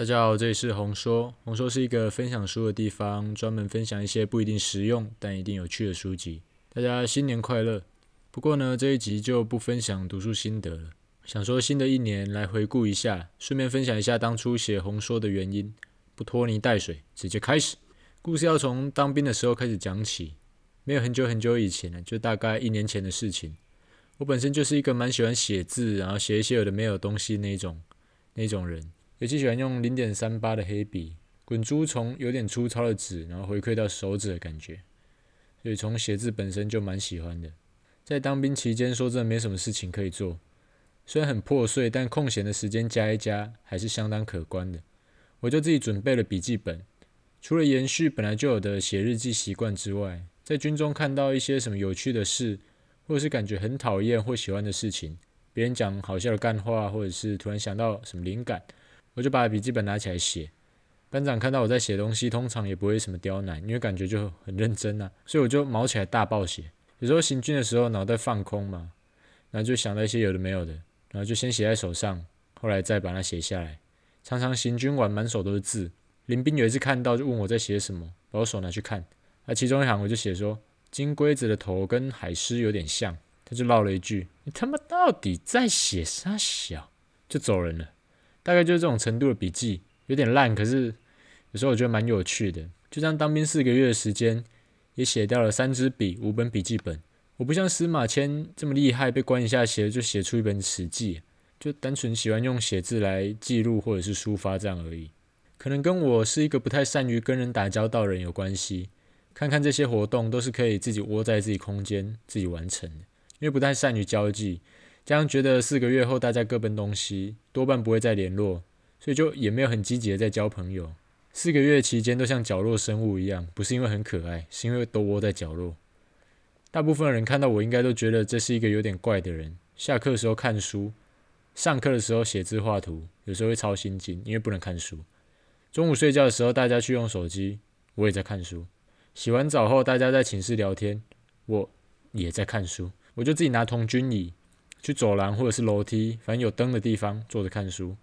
大家好，這裡是紅說。紅說是一個分享書的地方，專門分享一些不一定實用，但一定有趣的書籍。大家新年快樂！不過呢，這一集就不分享讀書心得了，想說新的一年來回顧一下，順便分享一下當初寫紅說的原因。不拖泥帶水，直接開始。故事要從當兵的時候開始講起，沒有很久很久以前了，就大概一年前的事情。我本身就是一個蠻喜歡寫字，然後寫一些有的沒有東西那種那種人。尤其喜歡用零點三八的黑筆，滾珠從有點粗糙的紙，然後回饋到手指的感覺，所以從寫字本身就蠻喜歡的。在當兵期間，說真的沒什麼事情可以做，雖然很破碎，但空閒的時間加一加還是相當可觀的。我就自己準備了筆記本，除了延續本來就有的寫日記習慣之外，在軍中看到一些什麼有趣的事，或者是感覺很討厭或喜歡的事情，別人講好笑的乾話，或者是突然想到什麼靈感。我就把筆記本拿起來寫，班長看到我在寫東西，通常也不會什麼刁難，因為感覺就很認真啊，所以我就卯起來大爆寫。有時候行軍的時候腦袋放空嘛，然後就想到一些有的沒有的，然後就先寫在手上，後來再把它寫下來。常常行軍完滿手都是字，林斌有一次看到就問我在寫什麼，把我手拿去看，那其中一行我就寫說金龜子的頭跟海獅有點像，他就嘮了一句：“你他媽到底在寫啥小？”就走人了。大概就是這種程度的筆記，有點爛，可是有時候我覺得蠻有趣的。就像當兵四個月的時間，也寫掉了三支筆、五本筆記本。我不像司馬遷這麼厲害，被關一下寫就寫出一本《史記》，就單純喜歡用寫字來記錄或者是抒發這樣而已。可能跟我是一個不太善於跟人打交道的人有關係。看看這些活動都是可以自己窩在自己空間自己完成的，因為不太善於交際。這樣覺得，四個月後大家各奔東西，多半不會再聯絡，所以就也沒有很積極的在交朋友。四個月期間都像角落生物一樣，不是因為很可愛，是因為都窩在角落。大部分的人看到我，應該都覺得這是一個有點怪的人。下課的時候看書，上課的時候寫字畫圖，有時候會抄心經，因為不能看書。中午睡覺的時候大家去用手機，我也在看書。洗完澡後大家在寢室聊天，我也在看書。我就自己拿童軍椅。去走廊或者是樓梯，反正有燈的地方坐着看書。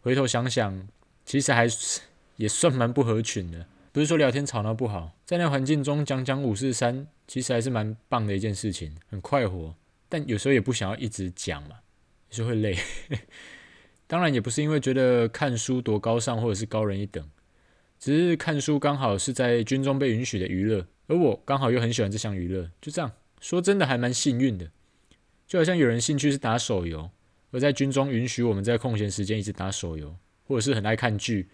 回頭想想，其實還是也算蠻不合群的。不是說聊天吵鬧不好，在那環境中講講五四三，其實還是蠻棒的一件事情，很快活。但有時候也不想要一直講嘛，有時候會累。 當然也不是因為覺得看書多高尚或者是高人一等，只是看書剛好是在軍中被允許的娛樂，而我剛好又很喜歡這項娛樂，就這樣說真的還蠻幸運的。就好像有人興趣是打手遊，而在軍中允許我們在空閒時間一直打手遊，或者是很愛看劇。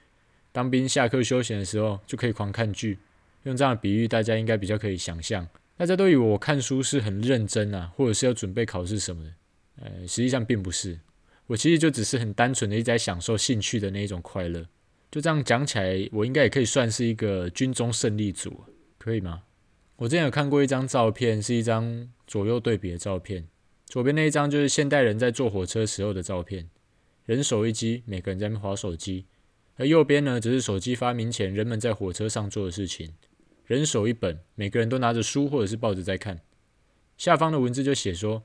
當兵下課休閒的時候就可以狂看劇。用這樣的比喻，大家應該比較可以想象。大家都以為我看書是很認真啊，或者是要準備考試什麼的，呃、欸，實際上並不是。我其實就只是很單純的一直在享受興趣的那一種快樂。就這樣講起來，我應該也可以算是一個軍中勝利組，可以嗎？我之前有看過一張照片，是一張左右對比的照片。左邊那一張就是現代人在坐火車時候的照片，人手一機，每個人在滑手機；而右邊呢，則是手機發明前人們在火車上做的事情，人手一本，每個人都拿着書或者是報紙在看。下方的文字就寫說：“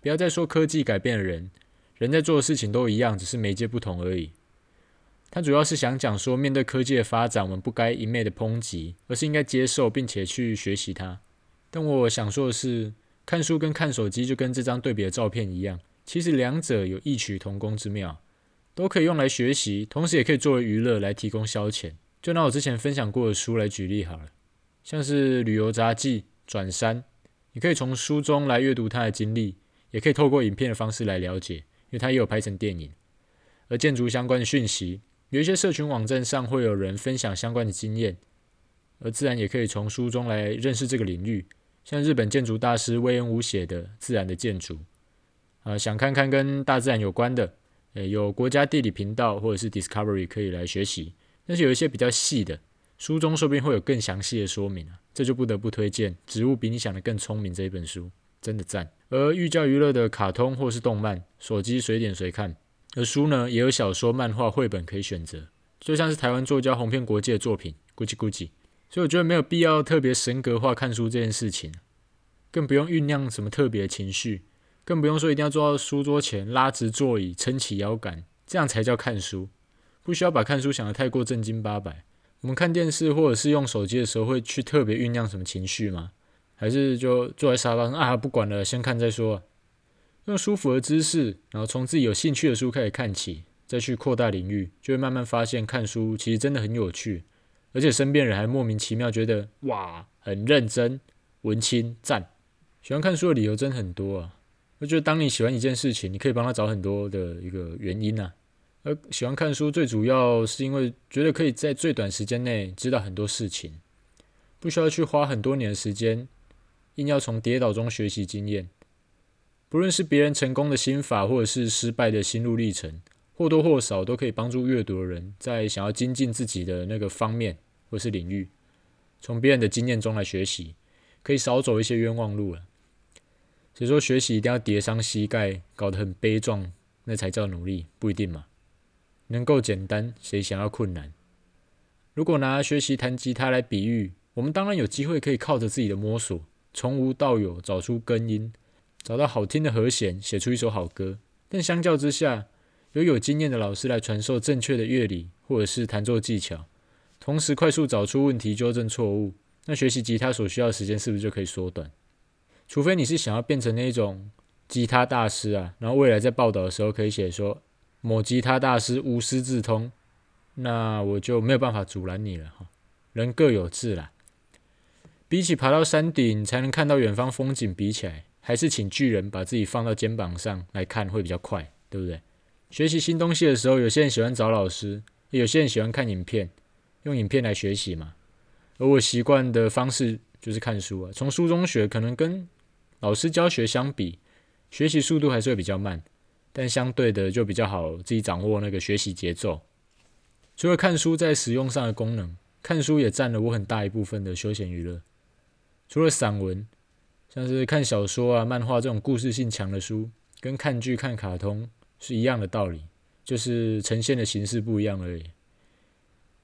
不要再說科技改變了人，人在做的事情都一樣，只是媒介不同而已。”他主要是想講說，面對科技的發展，我們不該一味的抨擊，而是應該接受並且去學習它。但我想說的是。看書跟看手機就跟這張對比的照片一樣，其實兩者有異曲同工之妙，都可以用來學習，同時也可以作為娛樂來提供消遣。就拿我之前分享過的書來舉例好了，像是《旅遊雜記》、《轉山》，你可以從書中來閱讀它的經歷，也可以透過影片的方式來了解，因為它也有拍成電影。而建築相關的訊息，有一些社群網站上會有人分享相關的經驗，而自然也可以從書中來認識這個領域。像日本建築大師隈研吾寫的《自然的建築》，呃，想看看跟大自然有關的，呃、欸，有國家地理頻道或者是 Discovery 可以來學習。但是有一些比較細的書中，說不定會有更詳細的說明啊，這就不得不推薦《植物比你想的更聰明》這一本書，真的讚。而寓教於樂的卡通或是動漫，手機隨點隨看。而書呢，也有小說、漫畫、繪本可以選擇，就像是台灣作家紅遍國際的作品，咕噓咕噓咕《咕嘰咕嘰》。所以我覺得沒有必要特別神格化看書這件事情，更不用醞釀什麼特別情緒，更不用說一定要坐到書桌前，拉直座椅，撐起腰桿，這樣才叫看書。不需要把看書想得太過正經八百。我們看電視或者是用手機的時候，會去特別醞釀什麼情緒嗎？還是就坐在沙發上啊，不管了，先看再說。用舒服的姿勢，然後從自己有興趣的書開始看起，再去擴大領域，就會慢慢發現，看書其實真的很有趣。而且身邊人還莫名其妙覺得，哇，很認真，文青，讚。喜歡看書的理由真很多啊。我覺得當你喜歡一件事情，你可以幫他找很多的一個原因啊。而喜歡看書最主要是因為覺得可以在最短時間內知道很多事情，不需要去花很多年的時間，硬要從跌倒中學習經驗。不論是別人成功的心法，或者是失敗的心路歷程。或多或少都可以幫助閱讀的人，在想要精進自己的那個方面或是領域，從別人的經驗中來學習，可以少走一些冤枉路了。誰說學習一定要跌傷膝蓋，搞得很悲壯，那才叫努力？不一定嘛。能夠簡單，誰想要困難？如果拿學習彈吉他來比喻，我們當然有機會可以靠着自己的摸索，從無到有找出根音，找到好聽的和弦，寫出一首好歌。但相較之下，由有，有經驗的老師來傳授正確的樂理或者是彈奏技巧，同時快速找出問題、糾正錯誤，那學習吉他所需要的時間是不是就可以縮短？除非你是想要變成那種吉他大師啊，然後未來在報道的時候可以寫說某吉他大師無師自通，那我就沒有辦法阻攔你了哈。人各有志啦，比起爬到山頂才能看到遠方風景比起來，還是請巨人把自己放到肩膀上來看會比較快，對不對？學習新東西的時候，有些人喜歡找老師，也有些人喜歡看影片，用影片來學習嘛。而我習慣的方式就是看書啊，從書中學。可能跟老師教學相比，學習速度還是會比較慢，但相對的就比較好自己掌握那個學習節奏。除了看書在使用上的功能，看書也佔了我很大一部分的休閒娛樂。除了散文，像是看小說啊、漫畫這種故事性強的書，跟看劇、看卡通。是一樣的道理，就是呈現的形式不一樣而已。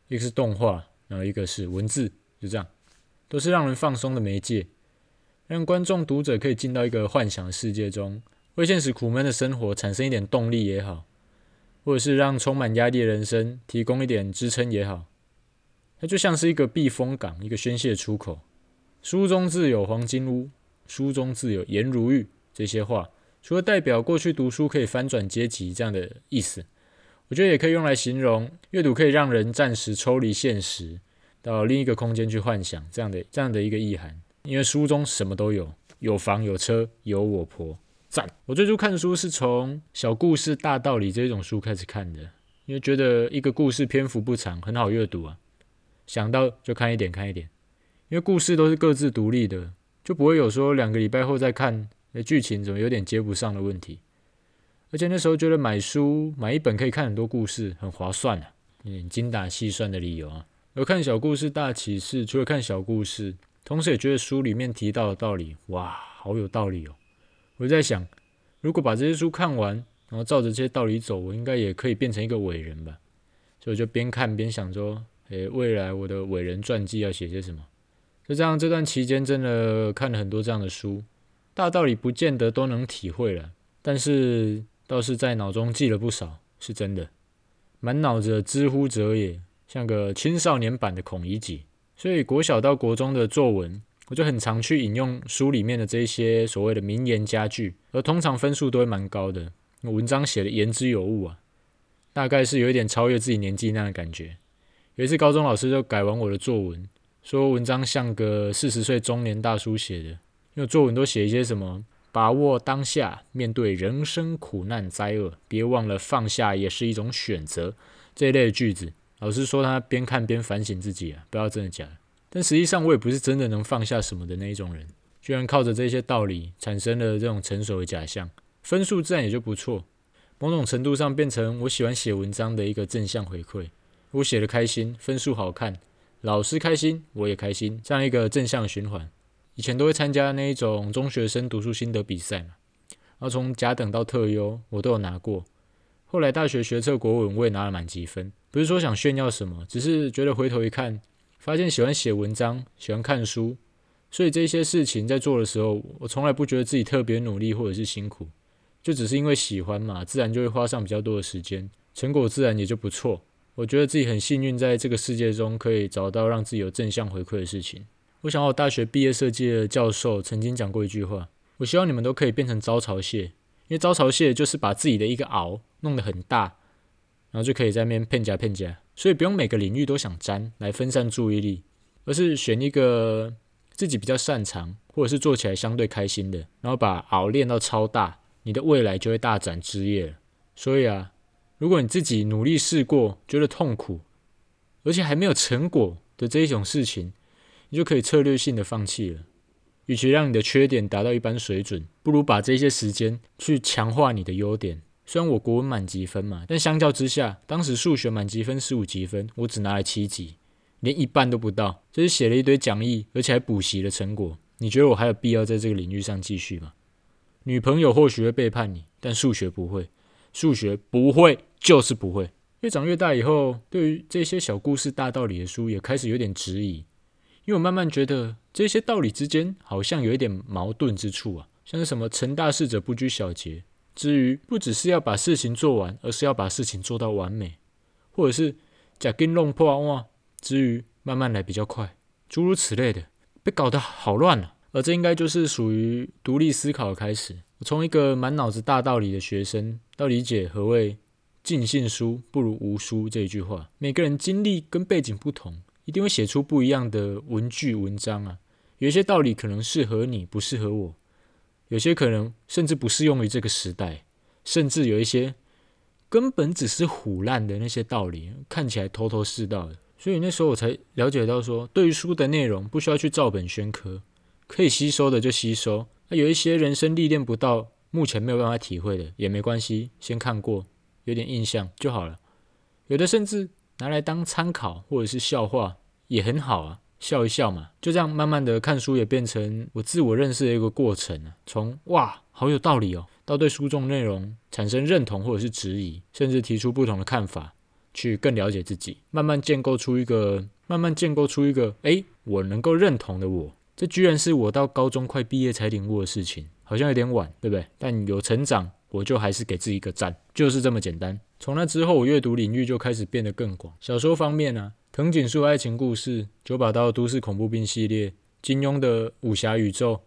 一個是動畫，然後一個是文字，就這樣，都是讓人放鬆的媒介，讓觀眾、讀者可以進到一個幻想的世界中，為現實苦悶的生活產生一點動力也好，或者是讓充滿壓力的人生提供一點支撐也好，它就像是一個避風港，一個宣洩出口。書中自有黃金屋，書中自有顏如玉，這些話。除了代表過去讀書可以翻轉階級這樣的意思，我覺得也可以用來形容閱讀可以讓人暫時抽離現實，到另一個空間去幻想這樣的這樣的一個意涵。因為書中什麼都有，有房有車有我婆，讚！我最初看書是從小故事大道理這種書開始看的，因為覺得一個故事篇幅不長，很好閱讀啊，想到就看一點看一點，因為故事都是各自獨立的，就不會有說兩個禮拜後再看。那劇情怎麼有點接不上的問題？而且那時候覺得買書買一本可以看很多故事，很划算啊！有點精打細算的理由啊。而看小故事大啟示，除了看小故事，同時也覺得書裡面提到的道理哇，好有道理哦。我就在想，如果把這些書看完，然後照着這些道理走，我應該也可以變成一個偉人吧？所以我就邊看邊想說，說誒，未來我的偉人傳記要寫些什麼？就這樣，這段期間真的看了很多這樣的書。大道理不見得都能體會了，但是倒是在腦中記了不少，是真的。滿腦子的“知乎者也”，像個青少年版的《孔乙己》，所以國小到國中的作文，我就很常去引用書裡面的這些所謂的名言佳句，而通常分數都會蠻高的。文章寫的言之有物啊，大概是有一點超越自己年紀那樣的感覺。有一次，高中老師就改完我的作文，說文章像個四十歲中年大叔寫的。因為作文都寫一些什麼，把握當下、面對人生苦難災厄、別忘了放下也是一種選擇這一類的句子。老師說他邊看邊反省自己啊，不知道真的假的。但實際上我也不是真的能放下什麼的那一種人，居然靠着這些道理產生了這種成熟的假象，分數自然也就不錯。某種程度上變成我喜歡寫文章的一個正向回饋，我寫得開心，分數好看，老師開心，我也開心，這樣一個正向循環。以前都會參加那一種中學生讀書心得比賽嘛，然後從甲等到特優，我都有拿過。後來大學學測國文，我也拿了滿級分。不是說想炫耀什麼，只是覺得回頭一看，發現喜歡寫文章，喜歡看書，所以這些事情在做的時候，我從來不覺得自己特別努力或者是辛苦，就只是因為喜歡嘛，自然就會花上比較多的時間，成果自然也就不錯。我覺得自己很幸運，在這個世界中可以找到讓自己有正向回饋的事情。我想我大學畢業設計的教授曾經講過一句話，我希望你們都可以變成招潮蟹，因為招潮蟹就是把自己的一個螯弄得很大，然後就可以在那邊片夾片夾，所以不用每個領域都想沾來分散注意力，而是選一個自己比較擅長或者是做起來相對開心的，然後把螯練到超大，你的未來就會大展枝葉了。所以啊，如果你自己努力試過，覺得痛苦，而且還沒有成果的這一種事情你就可以策略性的放棄了。與其讓你的缺點達到一般水準，不如把這些時間去強化你的優點。雖然我國文滿級分嘛，但相較之下，當時數學滿級分十五級分，我只拿了七級，連一半都不到。這是寫了一堆講義，而且還補習的成果。你覺得我還有必要在這個領域上繼續嗎？女朋友或許會背叛你，但數學不會，數學不會就是不會。越長越大以後，對於這些小故事大道理的書也開始有點質疑。因為我慢慢覺得這些道理之間好像有一點矛盾之處啊，像是什麼成大事者不拘小節，至於不只是要把事情做完，而是要把事情做到完美，或者是吃緊弄破碗啊，之於慢慢來比較快，諸如此類的，被搞得好亂了、啊。而這應該就是屬於獨立思考的開始。我從一個滿腦子大道理的學生，到理解何謂盡信書不如無書這一句話，每個人經歷跟背景不同，一定會寫出不一樣的文句文章啊！有一些道理可能適合你，不適合我；有些可能甚至不適用於這個時代，甚至有一些根本只是唬爛的那些道理，看起來頭頭是道的。所以那時候我才了解到說，說對於書的內容，不需要去照本宣科，可以吸收的就吸收。那、啊、有一些人生歷練不到，目前沒有辦法體會的也沒關係，先看過有點印象就好了。有的甚至。拿來當參考或者是笑話也很好啊，笑一笑嘛。就這樣慢慢的看書也變成我自我認識的一個過程啊。從哇好有道理哦，到對書中的內容產生認同或者是質疑，甚至提出不同的看法，去更了解自己，慢慢建構出一個慢慢建構出一個哎我能夠認同的我。這居然是我到高中快畢業才領悟的事情，好像有點晚，對不對？但有成長。我就還是給自己一個讚，就是這麼簡單。從那之後，我閱讀領域就開始變得更廣。小說方面呢，啊，藤井樹愛情故事、九把刀《都市恐怖病》系列、金庸的武俠宇宙。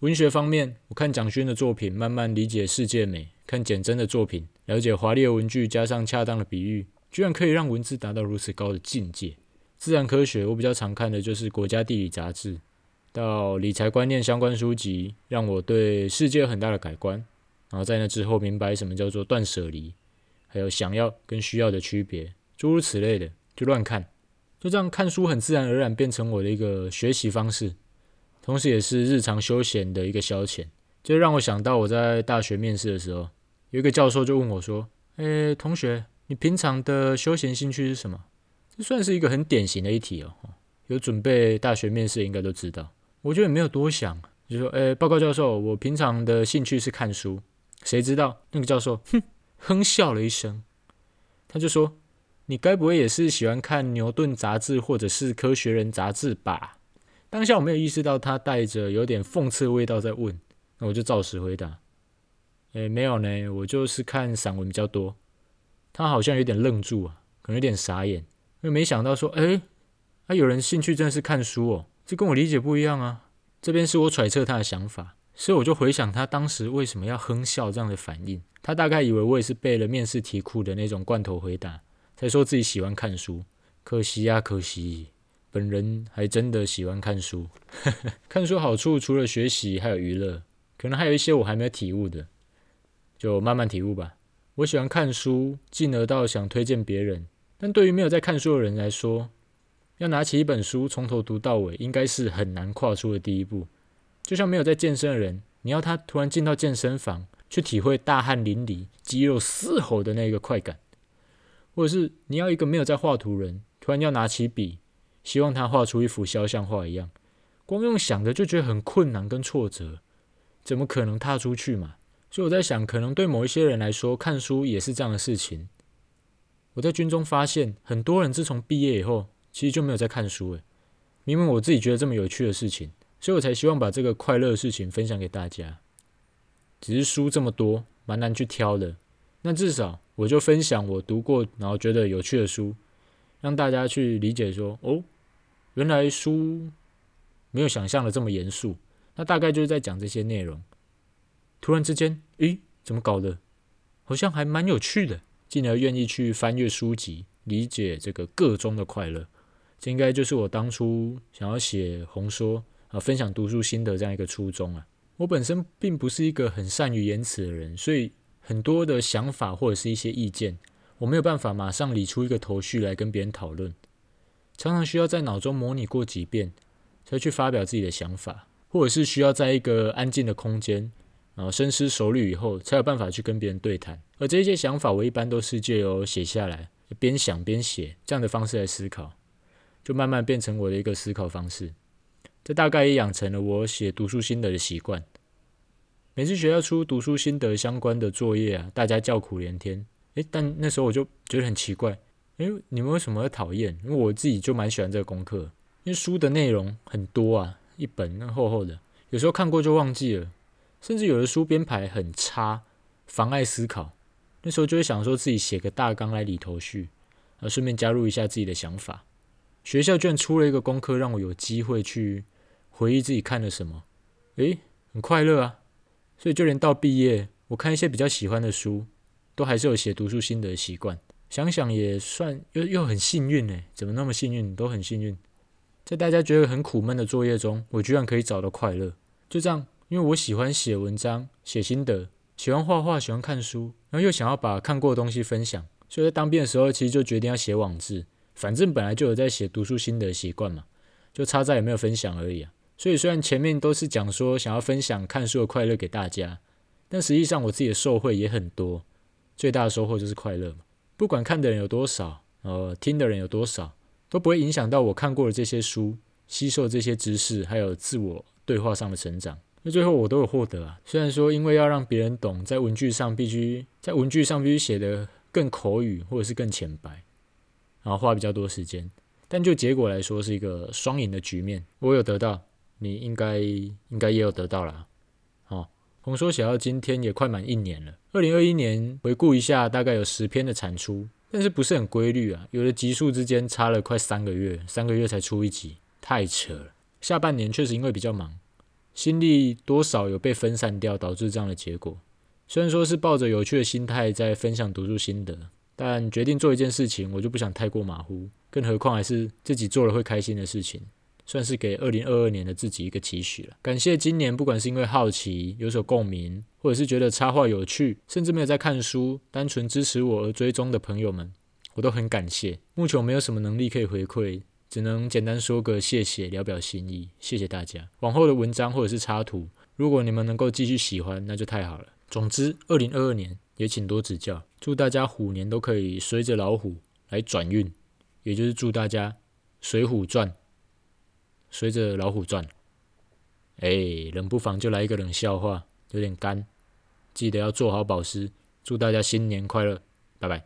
文學方面，我看蔣勳的作品，慢慢理解世界美；看簡媜的作品，了解華麗的文句加上恰當的比喻，居然可以讓文字達到如此高的境界。自然科學，我比較常看的就是《國家地理》雜誌，到理財觀念相關書籍，讓我對世界有很大的改觀。然後在那之後明白什麼叫做斷捨離，還有想要跟需要的區別，諸如此類的，就亂看，就這樣看書，很自然而然變成我的一個學習方式，同時也是日常休閒的一個消遣。就讓我想到我在大學面試的時候，有一個教授就問我說：“誒，同學，你平常的休閒興趣是什麼？”這算是一個很典型的一題哦。有準備大學面試應該都知道。我就也沒有多想，就說：“誒，報告教授，我平常的興趣是看書。”誰知道那個教授哼哼笑了一聲，他就說：“你該不會也是喜歡看牛頓雜誌或者是科學人雜誌吧？”當下我沒有意識到他帶着有點諷刺的味道在問，那我就照實回答：“誒、欸，沒有呢，我就是看散文比較多。”他好像有點愣住啊，可能有點傻眼，因為沒想到說：“誒、欸，啊有人興趣真的是看書哦，這跟我理解不一樣啊。”這邊是我揣測他的想法。所以我就回想他當時為什麼要哼笑這樣的反應，他大概以為我也是背了面試題庫的那種罐頭回答，才說自己喜歡看書。可惜呀、啊，可惜，本人還真的喜歡看書。 看書好處除了學習，還有娛樂，可能還有一些我還沒有體悟的，就慢慢體悟吧。我喜歡看書，進而到想推薦別人，但對於沒有在看書的人來說，要拿起一本書從頭讀到尾，應該是很難跨出的第一步。就像沒有在健身的人，你要他突然進到健身房去體會大汗淋漓、肌肉嘶吼的那個快感，或者是你要一個沒有在畫圖人，突然要拿起筆，希望他畫出一幅肖像畫一樣，光用想的就覺得很困難跟挫折，怎麼可能踏出去嘛？所以我在想，可能對某一些人來說，看書也是這樣的事情。我在軍中發現，很多人自從畢業以後，其實就沒有在看書了。明明我自己覺得這麼有趣的事情。所以，我才希望把這個快樂的事情分享給大家。只是書這麼多，蠻難去挑的。那至少我就分享我讀過然後覺得有趣的書，讓大家去理解說：“哦，原來書沒有想象的這麼嚴肅。”那大概就是在講這些內容。突然之間，誒，怎麼搞的？好像還蠻有趣的，進而願意去翻閱書籍，理解這個箇中的快樂。這應該就是我當初想要寫紅說啊，分享讀書心得這樣一個初衷啊。我本身並不是一個很善於言辭的人，所以很多的想法或者是一些意見，我沒有辦法馬上理出一個頭緒來跟別人討論。常常需要在腦中模擬過幾遍，才去發表自己的想法，或者是需要在一個安靜的空間，然後深思熟慮以後，才有辦法去跟別人對談。而這些想法，我一般都是借由寫下來，邊想邊寫這樣的方式來思考，就慢慢變成我的一個思考方式。這大概也養成了我寫讀書心得的習慣。每次學校出讀書心得相關的作業啊，大家叫苦連天。誒，但那時候我就覺得很奇怪，誒，你們為什麼會討厭？因為我自己就蠻喜歡這個功課，因為書的內容很多啊，一本那厚厚的，有時候看過就忘記了，甚至有的書編排很差，妨礙思考。那時候就會想說自己寫個大綱來理頭緒，啊，順便加入一下自己的想法。學校居然出了一個功課，讓我有機會去。回憶自己看了什麼，誒，很快樂啊！所以就連到畢業，我看一些比較喜歡的書，都還是有寫讀書心得的習慣。想想也算又又很幸運呢、欸，怎麼那麼幸運，都很幸運。在大家覺得很苦悶的作業中，我居然可以找到快樂。就這樣，因為我喜歡寫文章、寫心得，喜歡畫畫、喜歡看書，然後又想要把看過的東西分享，所以在當兵的時候，其實就決定要寫網誌。反正本來就有在寫讀書心得的習慣嘛，就差在有沒有分享而已啊。所以雖然前面都是講說想要分享看書的快樂給大家，但實際上我自己的受惠也很多。最大的收穫就是快樂嘛，不管看的人有多少，呃，聽的人有多少，都不會影響到我看過的這些書，吸收這些知識，還有自我對話上的成長。那最後我都有獲得啊。雖然說因為要讓別人懂，在文句上必須在文句上必須寫得更口語或者是更淺白，然後花比較多時間，但就結果來說是一個雙贏的局面。我有得到。你應該應該也有得到啦。哦，紅說寫到今天也快滿一年了。二零二一年回顧一下，大概有十篇的產出，但是不是很規律啊，有的集數之間差了快三個月，三個月才出一集，太扯了。下半年確實因為比較忙，心力多少有被分散掉，導致這樣的結果。雖然說是抱着有趣的心態在分享讀書心得，但決定做一件事情，我就不想太過馬虎，更何況還是自己做了會開心的事情。算是給二零二二年的自己一個期許了。感謝今年，不管是因為好奇、有所共鳴，或者是覺得插畫有趣，甚至沒有在看書，單純支持我而追蹤的朋友們，我都很感謝。目前我沒有什麼能力可以回饋，只能簡單說個謝謝，聊表心意。謝謝大家。往後的文章或者是插圖，如果你們能夠繼續喜歡，那就太好了。總之，二零二二年也請多指教。祝大家虎年都可以隨着老虎來轉運，也就是祝大家《水滸傳》。隨着老虎轉，哎，冷不防就來一個冷笑話，有點乾，記得要做好保濕。祝大家新年快樂，拜拜。